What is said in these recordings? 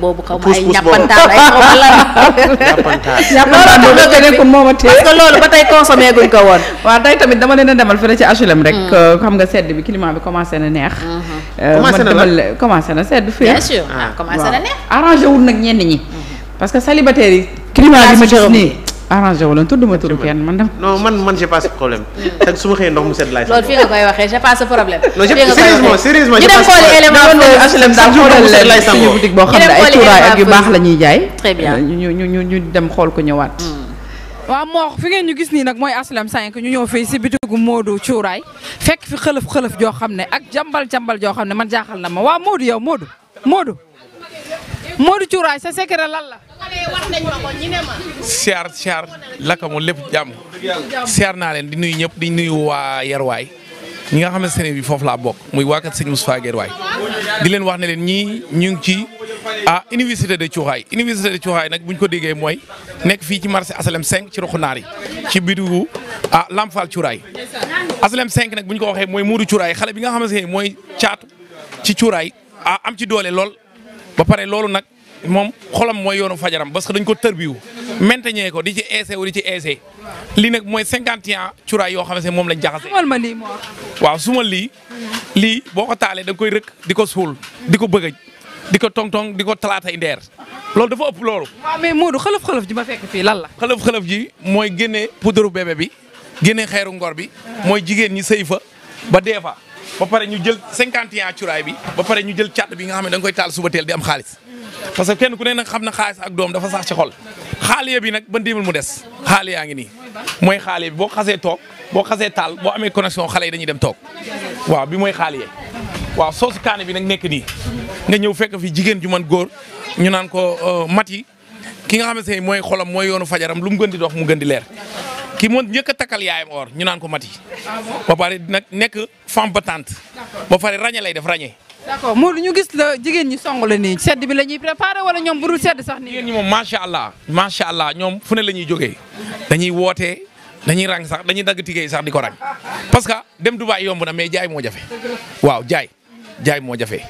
boobu xaw ma ay ñàppantaan ay xaw ma lan ñàppantaan loolu tax nekkul moom a téye parce que loolu ba tey consommé guñ ko woon waaw tey tamit dama leen a demal fële ci HLM rek mm. euh, xam nga sedd bi climat bi commencé na neex mm-hmm. euh, commencé na la commencé na sedd fii bien sûr ah. Ah, commencé na neex arrangé wul nag ñenn ñi mm-hmm. parce que yi climat bi ma gis nii arrangé wu leen tudduma turu kenn man. non man man j'ai pas ce problème. Hmm. te su ma xëyee ndox mu sedd laay. loolu fii dem suñu H&M boutique ne ay tuuraay ak yu baax la ñuy jaay. très bien euh, ñu ñu ñu dem xool ko ñëwaat. Hmm. waaw moo fi ngeen ñu gis nii nag mooy asalam H&M sànq ñu ñëw fii si bitigu Modou Cuuraay fekk fi xëlëf xëlëf joo xam ne ak jambal jambal joo xam ne man jaaxal na ma waaw Modou yow Modou Modou Modou Cuuraay sa secret lan la siyaar siyaar laka mu lépp jàmm siyaar naa leen di nuyu ñëpp di nuyu waa Yerwaay ñi nga xamante ne bi foofu laa bokk muy waa kat sëñ Moustapha Guerwaay di leen wax ne leen ñii ñu ngi ci ah université de Cuxaay université de Cuxaay nag bu buñ ko déggee mooy nekk fii ci marché asalem cinq ci roxu naar yi ci bidugu ah Lamfal Cuxaay asalem 5 nag buñ ko waxee mooy Muudu Cuxaay xale bi nga xamante ne mooy caatu ci cuuraay a am ci doole lool ba pare moom xolam mooy yoonu fajaram parce que dañ ko tërbiwu maintenir ko di ci essai wu di ci essai lii nag mooy cinquante ans cuuraay yoo xam ne moom lañ jaxase. waaw suma ma lii lii boo ko taalee da nga koy rëkk di ko suul di ko bëgg di ko tong-tong di ko talaatay ndeer loolu dafa ëpp loolu. waaw mais Modou xëlëf xëlëf ji ma fekk fii lan la. xëlëf xëlëf ji mooy génne poudre bébé bi génne xeeru ngor bi mooy jigéen ñi sëy fa ba dee fa ba pare ñu jël cinquante ans cuuraay bi ba pare ñu jël càtt bi nga xam ne da koy taal suba teel di am xaalis parce que kenn ku ne nag xam na xaalis ak doom dafa sax ci xol xaaliya bi nag ba ndimbal mu des xaali yaa ngi nii mooy xaaliya bi boo xasee toog boo xasee taal boo amee connexion xale yi dañuy dem toog waaw bi mooy xaaliya waaw soosu kaani bi nag nekk nii nga ñëw fekk fi jigéen ju man góor ñu naan ko euh, Mati ki nga xam ne mooy xolam mooy yoonu fajaram lu mu gën di dox mu gën di leer ki moo njëkk a takkal yaayam or ñu naan ko Mati ba pare nag nekk femme battante ba pare rañe def rañe d'accord Modou ñu gis la jigéen ñi song la nii sedd bi la ñuy préparé wala ñoom bu dul sedd sax nii. jigéen ñi moom macha allah macha allah ñoom fu ne la ñuy jógee dañuy wootee dañuy rang sax dañuy dagg tigeey sax di ko rang parce que dem Dubaay yomb na mais jaay moo jafe waaw jaay jaay moo jafe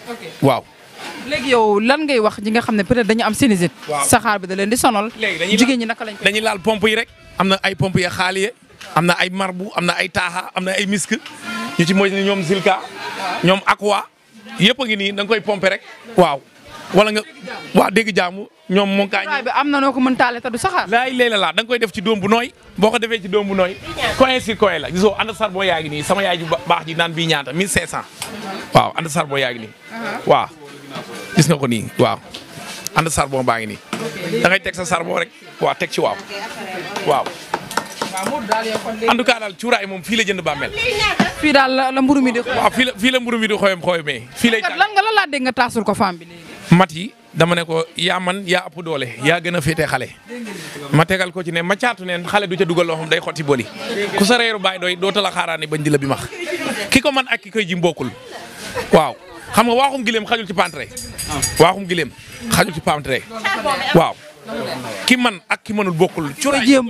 waaw. yow lan ngay wax ñi nga xam ne peut-être dañu am sinusite. saxaar bi da leen di sonal. léegi jigéen ñi naka lañ dañuy laal pompe yi rek am na ay pompe ya xaaliye am na ay marbu am na ay taaxa am na ay misk ñu mooy ñoom Zilka ñoom Aqua yëpp a ngi nii da nga koy pomper rek waaw. wala nga waa dégg jaamu ñoom moo kaa bi am na noo ko mën taale te du saxaar laay léeg laa da nga koy def ci doom bu nooy boo ko defee ci doom bu nooy coin sur coin la gisoo ànd sar yaa ngi nii sama yaay ju baax ji naan bii ñaata 1500 waaw ànd sar boo yaa ngi nii uh-huh. waaw gis nga ko nii waaw ànd sarbon baa ngi nii da ngay teg sa sarbon rek waaw teg ci waaw en tout cas daal cuuraay moom fii la jënd bàmmeel. fii daal la mburu mi di. waaw fii la fii la mburu mi di xooyam xooyamee. fii lay lan nga lan laa dégg nga taasul ko femme bi léegi. mat yi dama ne ko yaa man yaa ëpp doole yaa gën a féetee xale. ma tegal ko ci ne ma caatu neen xale du ca dugal loo day xotti boli. ku sa reeru baay doy dootal a xaaraani ba di bi max ki ko man ak ki koy ji mbokkul waaw. xam nga waaxum gileem xajul ci pantre ah. waaxum gileem xajul ci pantre waaw ki man ak ki mënul bokkul. cura jéem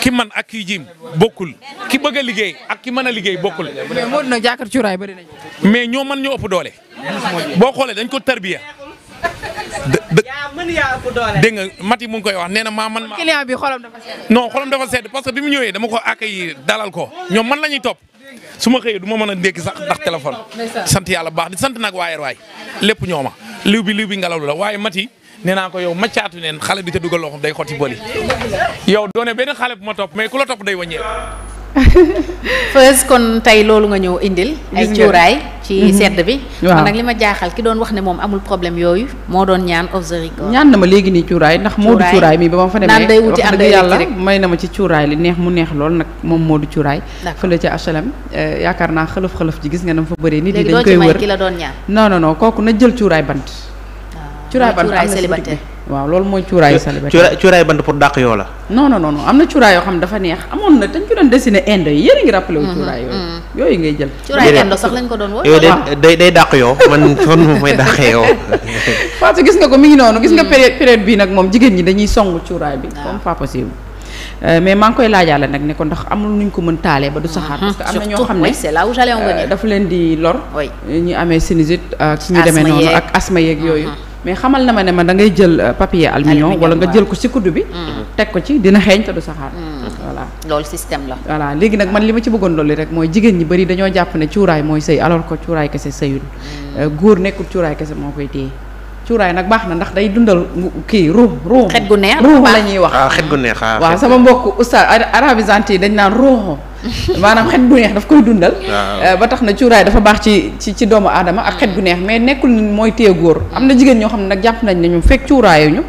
ki man ak ki jiim bokkul. ki bëgg liggéey ak ki mën a liggéey bokkul. mais moo dina jàkkaar bari nañ mais ñoo man ñoo ëpp doole. boo xoolee dañ ko tarbiya. dégg nga Mati mu koy wax nee na maa man ma. client bi xolam dafa sedd. non xolam dafa sedd parce que bi mu ñëwee dama ko accueillir dalal ko ñoom man lañuy ñuy topp su ma xëyee du ma mën a ndékki sax ndax téléphone. sant yàlla baax di sant nag waayeer waay lépp ñoo ma liw bi liw bi ngelaw la waaye mati nee naa ko yow maccaatu neen xale bi te dugal loxoom day xotti bëri yow doone benn xale bu ma topp mais ku la topp day wañee Feuz kon tey loolu nga ñëw indil. ay cuuraay ci mhm. sedd bi. waaw man li ma jaaxal ki doon wax ne moom amul problème yooyu moo doon ñaan off ñaan na ma léegi nii cuuraay ndax. Moodu cuuraay mi ba ma fa demee naan day wuti ànd yàlla may na ma ci cuuraay li neex mu neex lool nag moom moo Moodu cuuraay. fële ci HLM eh, yaakaar naa xëlëf xëlëf ji gis nga na mu fa bëree. nit yi dañ koy wër léegi doo ci may ki la doon ñaan. non non non kooku na jël cuuraay bant. Ah, cuuraay bant am na waaw loolu mooy cuuraayu célibataire cuuraay bant pour dàq yoo la. non non am na cuuraay yoo xam dafa neex amoon na dañ ko doon dessiné indo yi yéen ngi rappelé mhm, cuuraay mhm. yooyu ngay jël. cuuraay indo sax lañ ko doon woo. yooyu day day dàq yoo man kon moom mooy dàqee yoo. Fatou gis ko mi ngi noonu gis nga mhm. nag moom jigéen ñi dañuy song cuuraay bi. comme pas possible. Euh, maa ngi koy laajaale nag ne ko ndax amul nuñ ko mën taalee ba du saxaar parce que am na ñoo xam ne euh, dafa leen di lor. ñu amee sinusite ak ñu demee noonu ak asma yeeg yooyu mais xamal na ma ne ma da ngay jël euh, papier aluminium wala nga jël ko si kuddu bi mm. teg ko ci dina xeeñ te du saxaar mm. voilà loolu système la voilà léegi nag man li ma ci bëggoon loolu rek mooy jigéen ñi bari dañoo jàpp ne cuuraay mooy sëy alors ko cuuraay kese sëyul mm. euh, góor nekkul cuuraay kese moo koy téye cuuraay nag baax na ndax day dundal kii ruux ruux. xet gu neex ruux la ñuy wax. waaw ah, xet gu neex ah, waaw sama mbokk oustaz arabisant yi dañ naan ruuxu maanaam xet gu neex daf koy dundal. Ah, eh, ba tax na cuuraay dafa baax ci ci ci doomu aadama ak xet gu mm. neex mais nekkul mooy téye góor am na jigéen ñoo xam ne nag jàpp nañ ne ñu fekk cuuraayu ñu.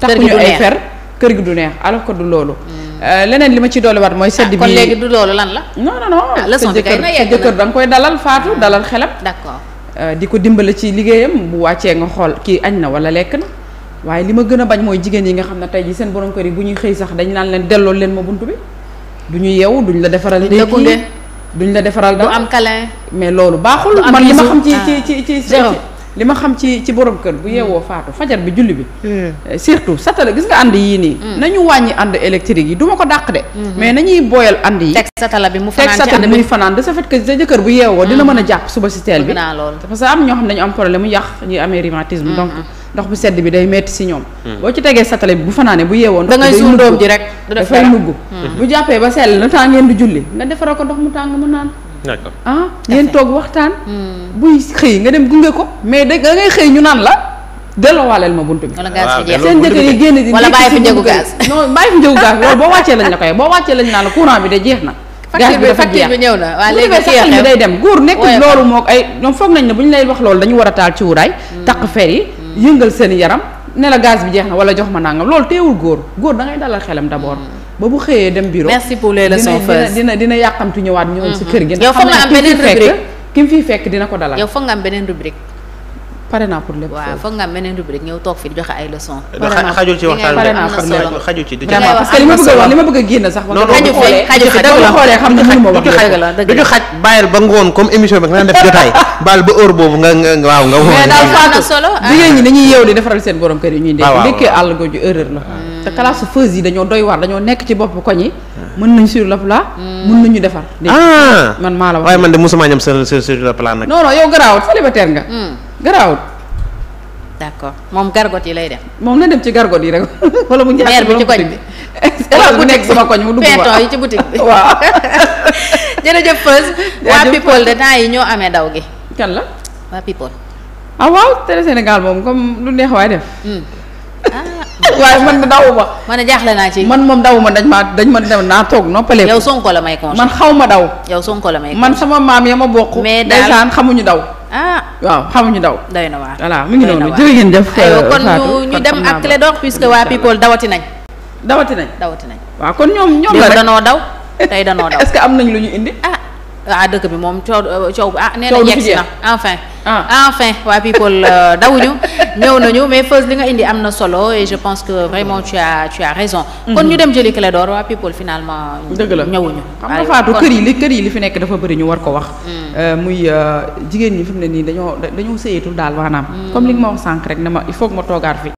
kër gi du ay fer kër gi du neex alors que du loolu. Mm. Eh, leneen li ma ci doole waat mooy sedd bi kon léegi du loolu lan la. non non non. leçon na yegg la sa jëkkër koy dalal faatu dalal xelam. d'accord Euh, di ko dimbale ci liggéeyam bu wàccee nga xool kii añ na wala lekk na waaye li ma gën a bañ mooy jigéen yi nga xam ne tey ji seen borom kër yi bu ñuy xëy sax dañ naan leen delloo leen ma buntu bi du ñu yeewu duñ la defaral ndékki duñ la defaral du am câlin mais loolu baaxul man li ma xam ah. ci ci ci ci li ma xam ci ci borom kër bu yeewoo mm. faatu fajar bi julli bi mm. eh, surtout satala gis nga ànd yii nii mm. nañu wàññi ànd électrique yi du ko dàq de mm-hmm. mais nañuy booyal ànd yi teg satala bi muy fanaan de ce fait que sa jëkkër bu yeewoo dina mm-hmm. mën a jàpp suba si teel bi parce que am ñoo xam ne dañu am problème mu yàq ñuy amee rhumatisme mm-hmm. donc ndox bu sedd bi day metti si ñoom boo ci tegee satala bi bu fanaane bu yeewoo da ngay suul doom ji rek dafay nugg bu jàppee di julli d'accord ah ngeen toog waxtaan. Hmm. buy xëy nga dem gunge ko mais da ngay xëy ñu naan la delloowaale ma buntu bi. wala gaz bi seen jëkkër yi génn di. wala bàyyi fi njëgu loolu boo wàccee lañ la koy boo wàccee lañ naan la courant bi de jeex na. gaz bi dafa jeex facture day dem góor nekk loolu moo ay ñoom foog nañ ne bu ñu lay wax loolu dañu war a taal ci wuraay hmm. takk fer yi hmm. yëngal seen yaram ne la gaz bi jeex na wala jox ma naa nangam loolu teewul góor góor da ngay dalal xelam d'abord ba bu xëyee dem bureau. merci pour les leçons first dina dina ñëwaat ñëwoon si mm-hmm. kër gi. yow fekk dina ko dalal. yow foog nga am beneen rubrique. pare naa pour lépp waaw foog nga am toog fi joxe ay leçons. Eh, xajul ci waxtaan bi xajul ci du li a wax li ma bëgg a génn sax. non non xaju fi ba ngoon comme émission bi nga def jotaay boobu nga nga waaw nga. mais daal faatu jigéen ñi ah. dañuy yeew defaral seen borom kër yi ñuy dégg. Ah, waaw waaw ndekki àll gooju erreur la ah. te kalaasu feuse yi dañoo doy waar dañoo nekk ci bopp koñ yi. mën nañ sur le plat. Hmm. mën nañu defar. Ah! man maa la wax waaye man de mosuma ñam sur sur le plat nag. non non yow garaawut célibataire nga. Hmm. garaawut. moom gargot yi lay def. moom na dem ci gargot yi rek wala mu bi ci koñ bi. wala bu nekk sama koñ mu dugg ma yi ci boutique bi waaw. jërëjëf Feuz. waa people de temps yi ñoo amee daw gi. kan la. waa people. ah waaw Télé Sénégal moom comme lu neex waay def. Hmm. Ah. waaye man dawuma. man jaaxle naa ci. man moom dawuma dañ ma dañ ma dem naa toog noppalee yow Sonko la may congé man xaw ma daw. yow Sonko la may man sama maam ya ma bokk. mais daal xamuñu daw. ah waaw xamuñu daw. doy na waar voilà mi ngi noonu jërë ngeen def. Euh, kon ñu dem ak clé d'or puisque waa people dawati nañ. dawati nañ dawati nañ. waaw kon ñoom ñoom la rek danoo daw tey danoo daw. est que am nañ lu ñu indi. Ah. ah dëkk bi moom coow coow ah. nee na yegsi na enfin Ah. ah enfin waa people euh, dawuñu ñëw nañu mais Feuz li nga indi am na solo et je pense que vraiment tu a tu as raison. Mhm. kon ñu dem jëli door waa people finalement. dëgg la ñëwuñu. xam nga Fatou kër yi li kër yi li fi nekk dafa bëri ñu war ko wax. Mm. Euh, muy euh, jigéen ñi fi mu ne nii dañoo dañoo sëyeetul daal maanaam. Mm. comme li nga ma wax sànq rek ne ma il faut que ma toogaat fi.